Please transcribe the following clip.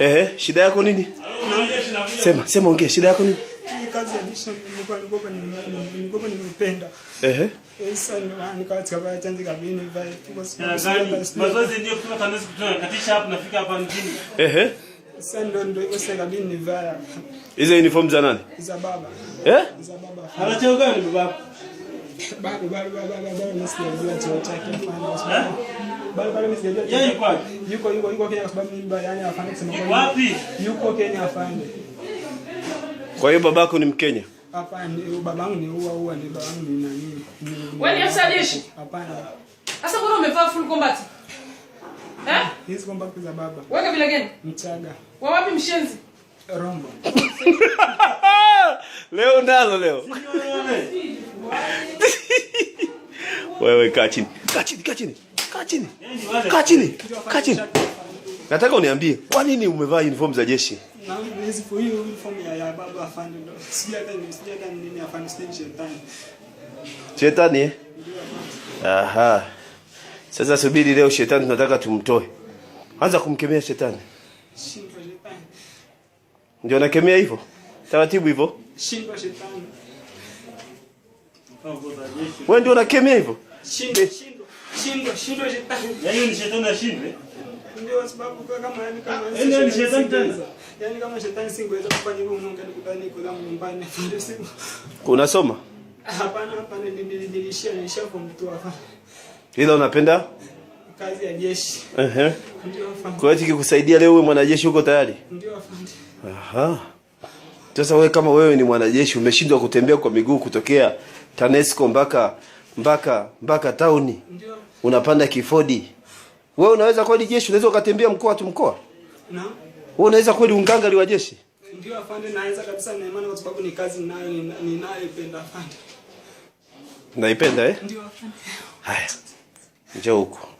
Ehe, shida yako nini? Sema, sema ongea, shida yako nini? Kazi ya dishi nilikuwa nilikuwa nilikuwa nimependa. Ehe. Sasa nikawa tukabaya tanzi kabini vile tuko mazoezi ndio kuna kanisa kutoka katisha hapo nafika hapa mjini. Ehe. Sasa ndio ndio hiyo sasa kabini ni vaya. Hizo uniform za nani? Za baba. Eh? Za baba. Anacheo gani baba? Baba baba baba baba nasikia jua chochote bado bado Yeye yuko wapi? Yuko yuko yuko Kenya kwa sababu mimi yani afanye kusema Wapi? Yuko Kenya afanye. Kwa hiyo babako ni Mkenya? Hapana, babangu ni huwa huwa ni babangu ni nani? Wewe ni Hapana. Sasa mbona umevaa full combat? Eh? Hizi combat za baba. Wewe kabila gani? Mchaga. Wa wapi mshenzi? Rombo. Leo nazo leo. Wewe kachini kachini kachini kaa chini, yaani kaa chini, kaa chini. Nataka uniambie kwa nini umevaa uniform za jeshi? Shetani eh? Aha. Sasa subiri leo shetani tunataka tumtoe. Anza kumkemea shetani. Ndio nakemea hivyo. Taratibu hivyo. Shindwa shetani. Wewe ndio unakemea hivyo. Shinda. Shindwe, shindwe shetani. ni shetani na shindwe. Ndio sababu kwa kama yani kama ah, ni shetani tena. Yani kama shetani singeweza kufanya hivyo Mungu Unasoma? Hapana, hapana nilishia kwa mtu hapa. unapenda kazi ya jeshi. Kwa hiyo kikusaidia leo uwe mwanajeshi uko tayari? Ndio afande. Aha. Sasa wewe kama wewe ni mwanajeshi umeshindwa kutembea kwa miguu kutokea TANESCO mpaka mpaka mpaka tauni, unapanda kifodi. Wewe unaweza kweli jeshi, unaweza ukatembea mkoa tu mkoa? na Wewe unaweza kweli ungangali wa jeshi? Ndio afande, naweza kabisa na imani, kwa sababu ni kazi ninayo ninayependa afande. Naipenda eh? Ndio afande. Haya. Njoo huko.